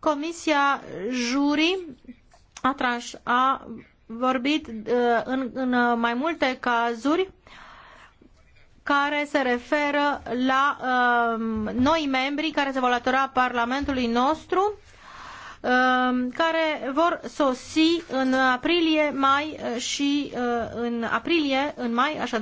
Comisia Juri a, trans, a vorbit uh, în, în mai multe cazuri care se referă la uh, noi membri care se vor alătura Parlamentului nostru, um, care vor sosi în aprilie, mai uh, și uh, în aprilie, în mai, așadar.